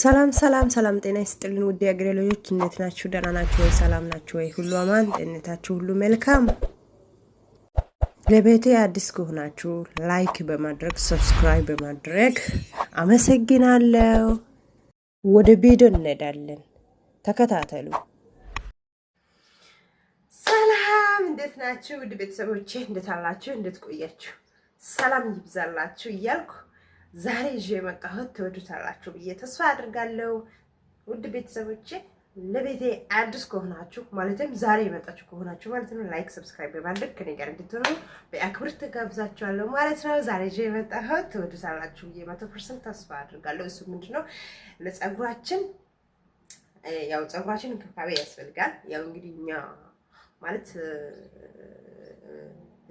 ሰላም ሰላም ሰላም፣ ጤና ይስጥልን ውድ የአገሬ ልጆች እንዴት ናችሁ? ደህና ናችሁ ወይ? ሰላም ናችሁ ወይ? ሁሉ አማን፣ ጤንነታችሁ ሁሉ መልካም። ለቤቴ አዲስ ከሆናችሁ ላይክ በማድረግ ሰብስክራይብ በማድረግ አመሰግናለሁ። ወደ ቪዲዮ እንሄዳለን፣ ተከታተሉ። ሰላም እንዴት ናችሁ ውድ ቤተሰቦቼ? እንዴት አላችሁ? እንዴት ቆያችሁ? ሰላም ይብዛላችሁ እያልኩ ዛሬ ይዤ የመጣሁት ትወዱታላችሁ ብዬ ተስፋ አድርጋለሁ። ውድ ቤተሰቦቼ ለቤቴ አዲስ ከሆናችሁ ማለትም ዛሬ የመጣችሁ ከሆናችሁ ማለት ነው ላይክ፣ ሰብስክራይብ በማድረግ ከኔ ጋር እንድትሆኑ በአክብር ተጋብዛችኋለሁ ማለት ነው። ዛሬ ይዤ የመጣሁት ትወዱታላችሁ ብዬ መቶ ፐርሰንት ተስፋ አድርጋለሁ። እሱ ምንድን ነው ለጸጉራችን ያው ጸጉራችን እንክብካቤ ያስፈልጋል። ያው እንግዲህ እኛ ማለት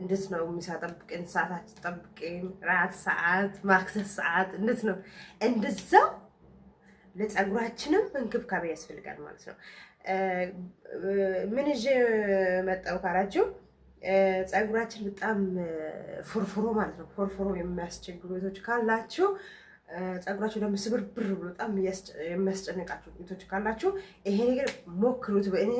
እንዴት ነው ምሳ ጠብቄን ሰዓታችን ጠብቄን ራት ሰዓት ማክሰስ ሰዓት እንዴት ነው እንደዛው ለፀጉራችንም እንክብካቤ ያስፈልጋል ማለት ነው። ምን ይዤ መጣሁ ካላችሁ ፀጉራችን በጣም ፎርፎሮ ማለት ነው። ፎርፎሮ የሚያስቸግሩ ቤቶች ካላችሁ ፀጉራችሁ ደግሞ ስብርብር ብሎ በጣም የሚያስጨንቃችሁ ቤቶች ካላችሁ ይሄ ነገር ሞክሩት በእኔ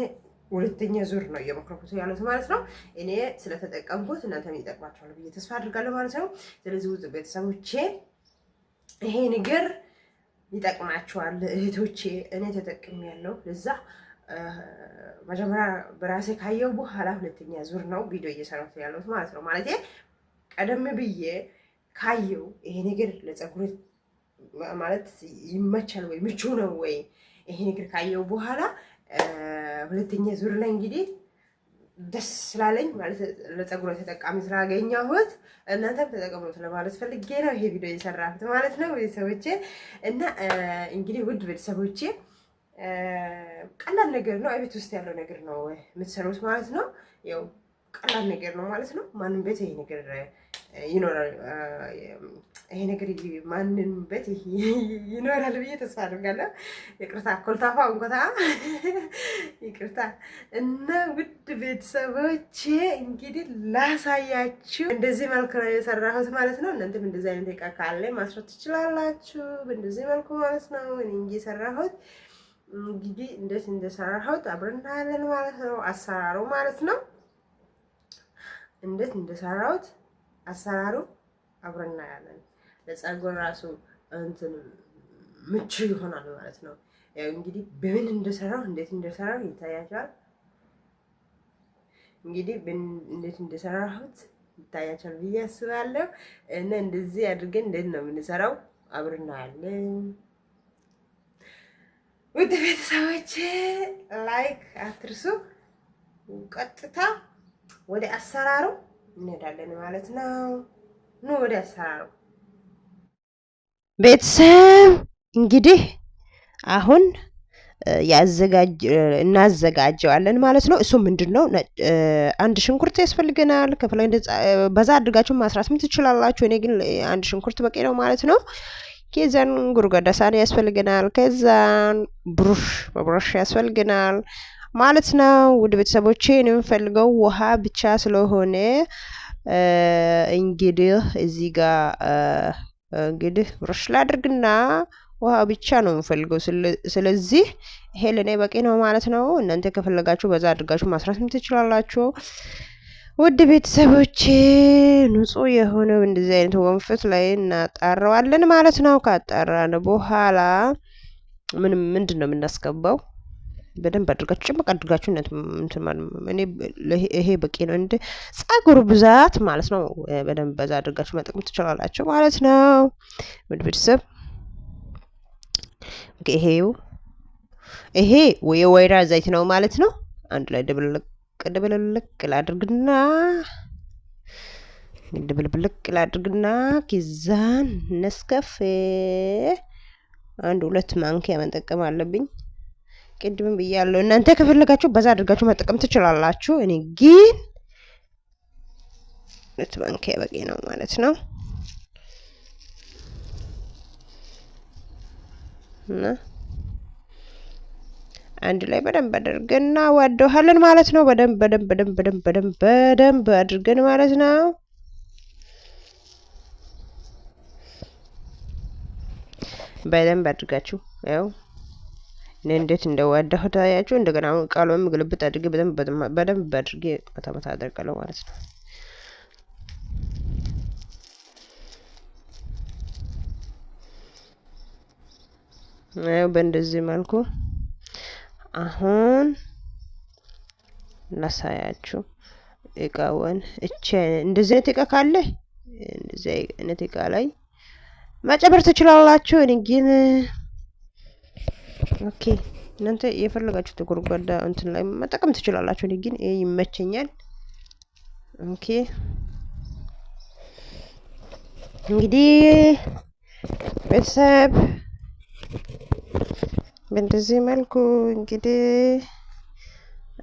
ሁለተኛ ዙር ነው እየሞከርኩት ያሉት ማለት ነው። እኔ ስለተጠቀምኩት እናንተም ይጠቅማችኋል ብዬ ተስፋ አድርጋለሁ ማለት ነው። ስለዚህ ውድ ቤተሰቦቼ ይሄ ነገር ይጠቅማቸዋል እህቶቼ። እኔ ተጠቅም ያለው ለዛ መጀመሪያ በራሴ ካየው በኋላ ሁለተኛ ዙር ነው ቪዲዮ እየሰራት ያለሁት ማለት ነው። ማለት ቀደም ብዬ ካየው ይሄ ነገር ለፀጉር ማለት ይመቻል ወይ ምቹ ነው ወይ ይሄ ነገር ካየው በኋላ ሁለተኛ ዙር ላይ እንግዲህ ደስ ስላለኝ ማለት ለፀጉር ተጠቃሚ ስላገኘሁት እናንተም ተጠቀሙት ለማለት ፈልጌ ነው ይሄ ቪዲዮ የሰራሁት ማለት ነው ቤተሰቦቼ። እና እንግዲህ ውድ ቤተሰቦቼ ቀላል ነገር ነው፣ ቤት ውስጥ ያለው ነገር ነው የምትሰሩት ማለት ነው። ያው ቀላል ነገር ነው ማለት ነው። ማንም ቤት ይሄ ነገር ይኖራል ይሄ ነገር ማንንበት ይኖራል ብዬ ተስፋ አድርጋለሁ። ይቅርታ ኮልታፋ እንኮታ ይቅርታ። እና ውድ ቤተሰቦች እንግዲህ ላሳያችሁ እንደዚህ መልክ ነው የሰራሁት ማለት ነው። እናንተም እንደዚህ አይነት እቃ ካለ ማስረት ትችላላችሁ። በእንደዚህ መልኩ ማለት ነው እኔ እንጂ የሰራሁት እንግዲህ እንዴት እንደሰራሁት አብረን እናያለን ማለት ነው። አሰራሩ ማለት ነው እንዴት እንደሰራሁት አሰራሩ አብረን እናያለን። ለጸጉር ራሱ እንትን ምቹ ይሆናል ማለት ነው። ያው እንግዲህ በምን እንደሰራው እንዴት እንደሰራው ይታያቸዋል። እንግዲህ እንዴት እንደሰራሁት ይታያቸዋል ብዬ አስባለሁ። እና እንደዚህ አድርገን እንዴት ነው የምንሰራው አብርናያለን። ውድ ቤተሰቦች ላይክ አትርሱ። ቀጥታ ወደ አሰራሩ እንሄዳለን ማለት ነው። ኑ ወደ አሰራሩ ቤተሰብ እንግዲህ አሁን እናዘጋጀዋለን ማለት ነው። እሱ ምንድን ነው? አንድ ሽንኩርት ያስፈልገናል። ከፍላ በዛ አድርጋችሁ ማስራትም ትችላላችሁ። እኔ ግን አንድ ሽንኩርት በቂ ነው ማለት ነው። ከዛን ጉርጓዳ ሳህን ያስፈልገናል። ከዛን ብሩሽ በብሩሽ ያስፈልገናል ማለት ነው። ውድ ቤተሰቦቼ የምፈልገው ውሃ ብቻ ስለሆነ እንግዲህ እዚህ ጋር እንግዲህ ብሩሽ ላድርግና ውሃ ብቻ ነው የምፈልገው። ስለዚህ ይሄ ለእኔ በቂ ነው ማለት ነው። እናንተ ከፈለጋችሁ በዛ አድርጋችሁ ማስራት ትችላላችሁ። ውድ ቤተሰቦች ንጹህ የሆነው እንደዚህ አይነት ወንፍት ላይ እናጣረዋለን ማለት ነው። ካጣራን በኋላ ምን ምንድን ነው የምናስገባው? በደንብ አድርጋችሁ ጭምቅ አድርጋችሁ እኔ ይሄ በቂ ነው። እንደ ጸጉሩ ብዛት ማለት ነው። በደንብ በዛ አድርጋችሁ መጠቀም ትችላላችሁ ማለት ነው። ውድ ቤተሰብ ይሄው ይሄ የወይራ ዘይት ነው ማለት ነው። አንድ ላይ ድብልቅ ድብልቅ ላድርግና ድብልብልቅ ላድርግና ኪዛን ነስከፌ አንድ ሁለት ማንኪያ መጠቀም አለብኝ። ቅድም ብያለሁ። እናንተ ከፈለጋችሁ በዛ አድርጋችሁ መጠቀም ትችላላችሁ። እኔ ግን ሁለት ማንኪያ በቂ ነው ማለት ነው እና አንድ ላይ በደንብ አድርገና ዋደውሃለን ማለት ነው። በደንብ በደንብ በደንብ በደንብ በደንብ በደንብ አድርገን ማለት ነው። በደንብ አድርጋችሁ ያው እንዴት እንደዋዳሁት አያችሁ። እንደገና ቃሏም ግልብጥ አድርጌ በደንብ አድርጌ መታመታ አደርጋለሁ ማለት ነው። ያው በእንደዚህ መልኩ አሁን ላሳያችሁ እቃውን እቼ እንደዚህ አይነት እቃ ካለ እንደዚህ አይነት እቃ ላይ መጨመር ትችላላችሁ። እኔ ግን ኦኬ እናንተ የፈለጋችሁት ጎድጓዳ እንትን ላይ መጠቀም ትችላላችሁ። እኔ ግን ይሄ ይመቸኛል። ኦኬ እንግዲህ ቤተሰብ በእንደዚህ መልኩ እንግዲህ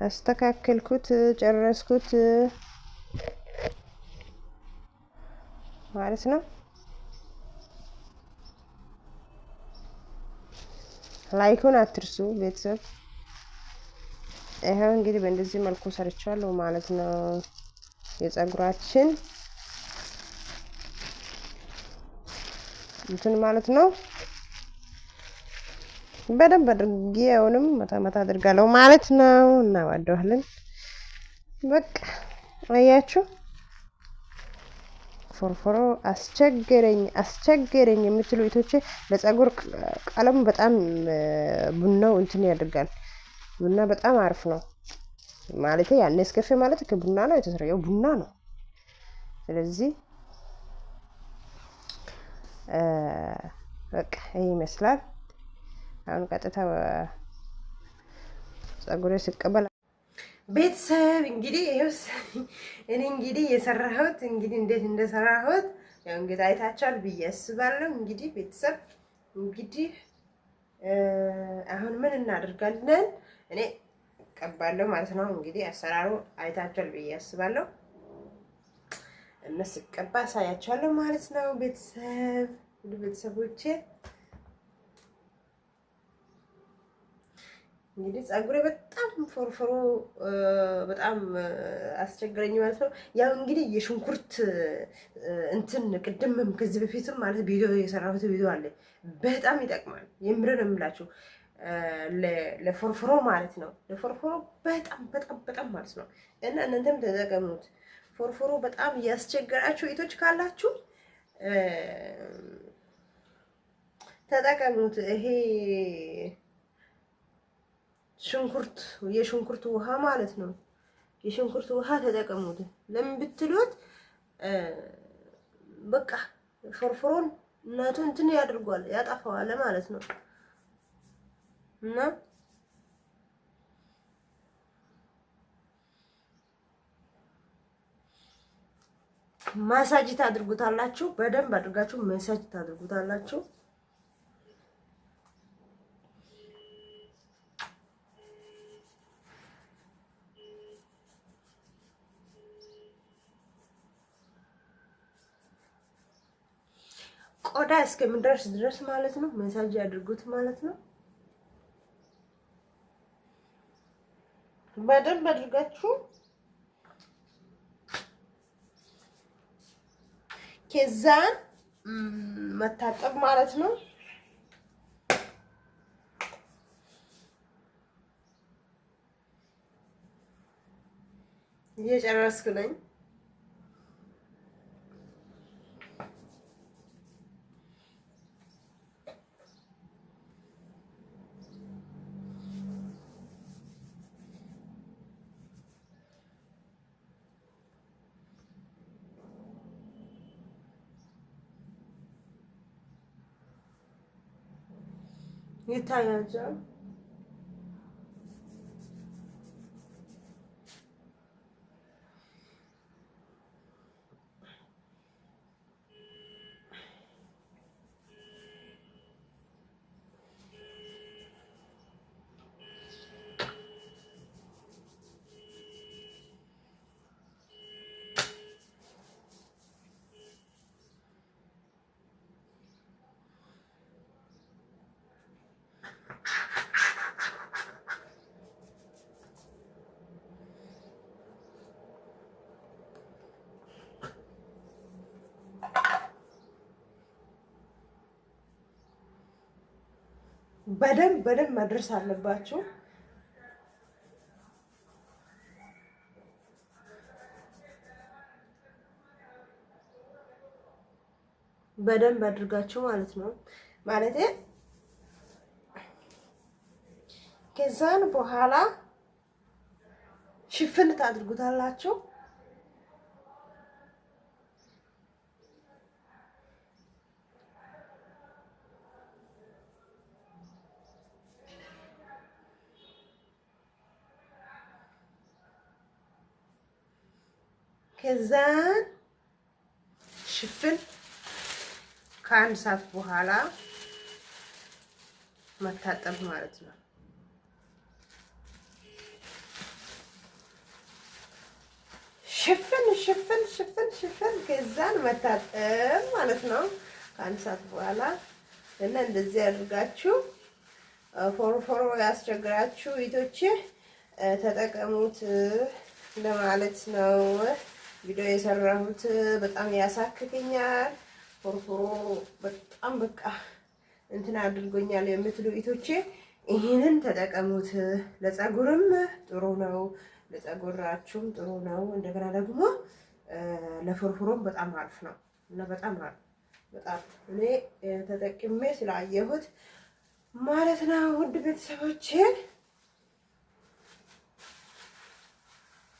አስተካከልኩት፣ ጨረስኩት ማለት ነው። ላይኩን አትርሱ ቤተሰብ። ይኸው እንግዲህ በእንደዚህ መልኩ ሰርቻለሁ ማለት ነው። የጸጉራችን እንትን ማለት ነው። በደንብ አድርጌ አሁንም መታ መታ አድርጋለሁ ማለት ነው። እናዋደዋለን። በቃ አያችሁ። ፎርፎሮ አስቸገረኝ አስቸገረኝ የምትሉ እህቶቼ ለጸጉር ቀለሙ በጣም ቡናው እንትን ያደርጋል። ቡና በጣም አሪፍ ነው ማለት ያን እስከፌ ማለት ከቡና ነው የተሰራው ቡና ነው። ስለዚህ በቃ ይህ ይመስላል። አሁን ቀጥታ ጸጉሬ ስቀበል ቤተሰብ እንግዲህ ይኸውስ እኔ እንግዲህ የሰራሁት እንግዲህ እንዴት እንደሰራሁት ያው እንግዲህ አይታችኋል ብዬ አስባለሁ። እንግዲህ ቤተሰብ እንግዲህ አሁን ምን እናደርጋለን? እኔ ቀባለሁ ማለት ነው። እንግዲህ አሰራሩ አይታችኋል ብዬ አስባለሁ። እነሱ ቀባ ሳያችኋለሁ ማለት ነው። ቤተሰብ ቤተሰቦቼ እንግዲህ ጸጉሬ በጣም ፎርፎሮ በጣም አስቸግረኝ ማለት ነው። ያው እንግዲህ የሽንኩርት እንትን ቅድምም ከዚህ በፊትም ማለት ቪዲዮ የሰራሁት ቪዲዮ አለ። በጣም ይጠቅማል። የምር ነው የምላችሁ ለፎርፎሮ ማለት ነው። ለፎርፎሮ በጣም በጣም በጣም ማለት ነው። እና እናንተም ተጠቀሙት። ፎርፎሮ በጣም እያስቸገራችሁ ኢቶች ካላችሁ ተጠቀሙት ይሄ ሽንኩርት የሽንኩርት ውሃ ማለት ነው። የሽንኩርት ውሃ ተጠቀሙት። ለምን ብትሉት በቃ ፎርፎሮን እናቱ እንትን ያድርጓል ያጣፈዋል ማለት ነው እና ማሳጅ ታድርጉታላችሁ። በደንብ አድርጋችሁ ማሳጅ ታድርጉታላችሁ። ቆዳ እስከሚደርስ ድረስ ማለት ነው። መሳጅ ያድርጉት ማለት ነው። በደንብ አድርጋችሁ ከዛን መታጠብ ማለት ነው። እየጨረስኩ ነኝ። ይታያጃል። በደንብ በደንብ መድረስ አለባችሁ። በደንብ አድርጋችሁ ማለት ነው ማለት ከዛን በኋላ ሽፍን ታድርጉታላችሁ። ከዛን ሽፍን ከአንድ ሰዓት በኋላ መታጠብ ማለት ነው። ሽፍን ሽፍን ሽፍን ሽፍን ከዛን መታጠብ ማለት ነው። ከአንድ ሰዓት በኋላ እና እንደዚህ አድርጋችሁ ፎሮፎሮ ያስቸግራችሁ ቤቶች ተጠቀሙት ለማለት ነው። ቪዲዮ የሰራሁት በጣም ያሳክከኛል። ፎርፎሮ በጣም በቃ እንትን አድርጎኛል የምትሉ ኢቶቼ ይህንን ተጠቀሙት። ለፀጉርም ጥሩ ነው፣ ለፀጉራችሁም ጥሩ ነው። እንደገና ደግሞ ለፎርፎሮም በጣም አሪፍ ነው እና በጣም አሪፍ በጣም እኔ ተጠቅሜ ስላየሁት ማለት ነው። ውድ ቤተሰቦቼ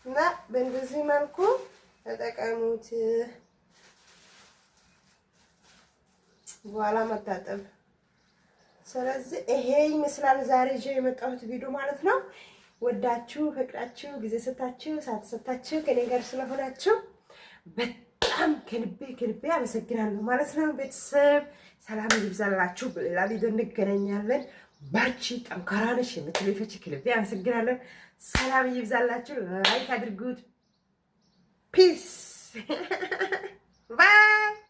እና በእንደዚህ መልኩ ተጠቀሙት። በኋላ መታጠብ። ስለዚህ ይሄ ይመስላል ዛሬ ይዤ የመጣሁት ቪዲዮ ማለት ነው። ወዳችሁ ፈቅዳችሁ ጊዜ ሰታችሁ ሰዓት ሰታችሁ ከኔ ጋር ስለሆናችሁ በጣም ከልቤ ከልቤ አመሰግናለሁ ማለት ነው። ቤተሰብ ሰላም ይብዛላችሁ። በሌላ ቪዲዮ እንገናኛለን። ባርቺ ጠንካራ ነሽ የምትሉ ከልቤ አመሰግናለሁ። ሰላም ይብዛላችሁ። ላይክ አድርጉት። Peace. Bye.